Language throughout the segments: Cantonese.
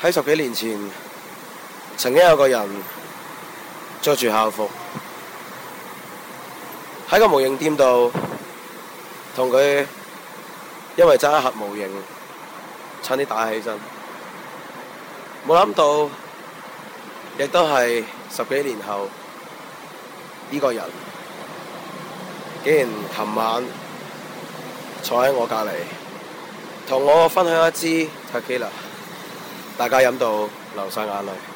喺十幾年前，曾經有個人着住校服，喺個模型店度同佢因為爭一盒模型，差啲打起身。冇諗到，亦都係十幾年後，呢個人竟然琴晚坐喺我隔離，同我分享一支 Tequila 啦。大家飲到流曬眼淚。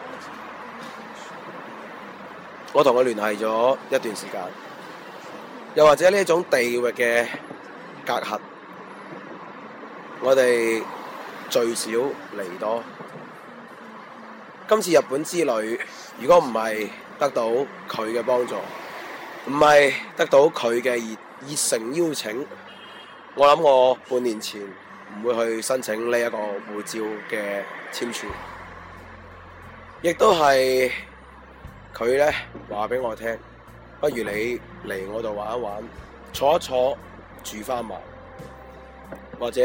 我同佢聯繫咗一段時間，又或者呢一種地域嘅隔閡，我哋最少嚟多。今次日本之旅，如果唔係得到佢嘅幫助，唔係得到佢嘅熱熱誠邀請，我諗我半年前唔會去申請呢一個護照嘅簽署，亦都係。佢呢話畀我聽，不如你嚟我度玩一玩，坐一坐，煮翻埋，或者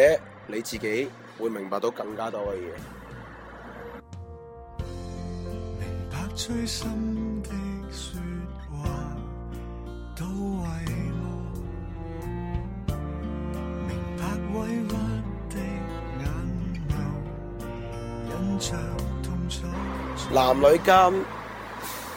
你自己會明白到更加多嘅嘢。明白最深嘅說話都為我，明白委屈的眼淚。男女監。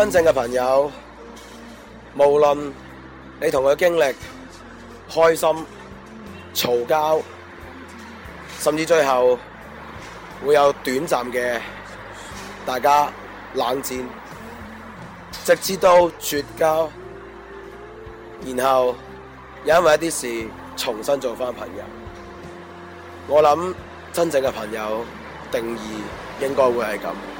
真正嘅朋友，無論你同佢經歷開心、嘈交，甚至最後會有短暫嘅大家冷戰，直至到絕交，然後因為一啲事重新做翻朋友。我諗真正嘅朋友定義應該會係咁。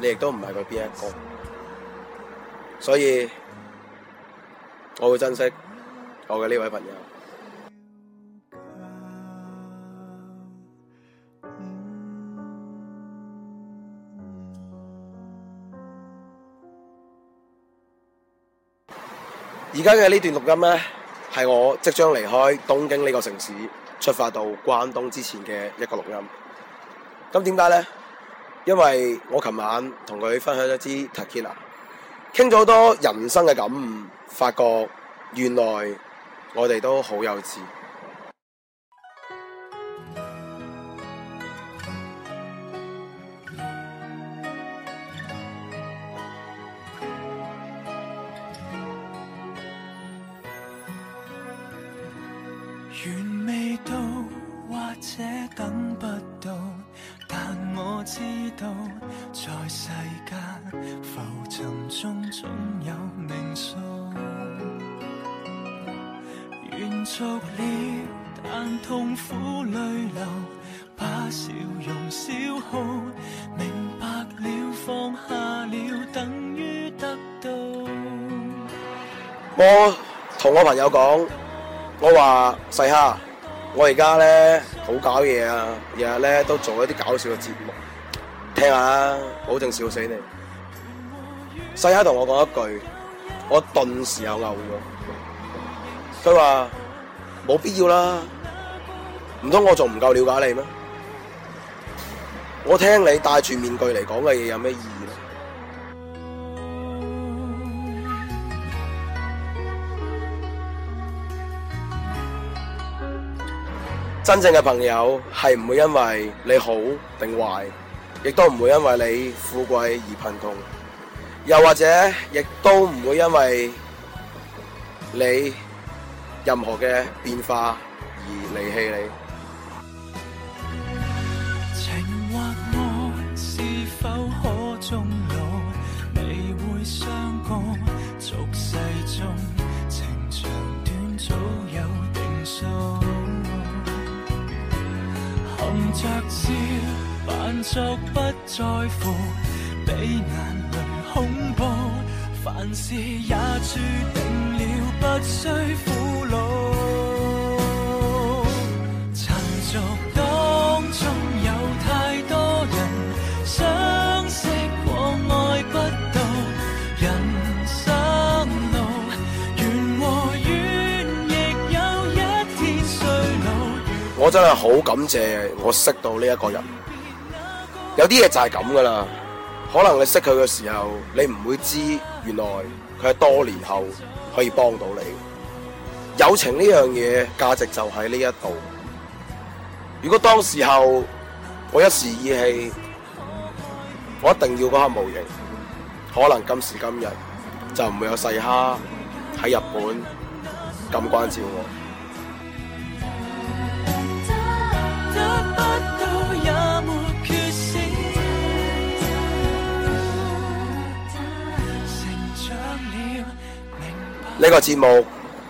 你亦都唔係佢 b 一個，所以我會珍惜我嘅呢位朋友。而家嘅呢段錄音呢，係我即將離開東京呢個城市，出發到關東之前嘅一個錄音。咁點解呢？因為我琴晚同佢分享咗支 Takina，傾咗多人生嘅感悟，發覺原來我哋都好幼稚。還未到，或者等不到。在世間浮沉中，總有命數，完咗了，但痛苦淚流，把笑容消耗。明白了，放下了，等於得到。我同我朋友講，我話細哈，我而家咧好搞嘢啊，日日咧都做一啲搞笑嘅節目。聽下，保證笑死你。細阿同我講一句，我頓時又嬲咗。佢話冇必要啦，唔通我仲唔夠了解你咩？我聽你戴住面具嚟講嘅嘢有咩意義呢？真正嘅朋友係唔會因為你好定壞。亦都唔會因為你富貴而貧窮，又或者亦都唔會因為你任何嘅變化而離棄你。情或愛是否可終老？未會相共，俗世中情長短早有定數，含着笑。不不在乎，比眼人恐怖。凡事也注定了不需苦惱，當中有太多人相識，我愛不到人生路。緣和怨亦有一天衰老。我真係好感謝我識到呢一個人。有啲嘢就係咁噶啦，可能你識佢嘅時候，你唔會知，原來佢係多年後可以幫到你。友情呢樣嘢價值就喺呢一度。如果當時候我一時意氣，我一定要嗰刻模型。可能今時今日就唔會有細蝦喺日本咁關照我。呢個節目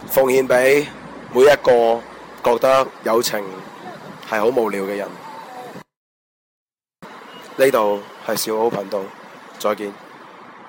奉獻俾每一個覺得友情係好無聊嘅人。呢度係小奧頻道，再見。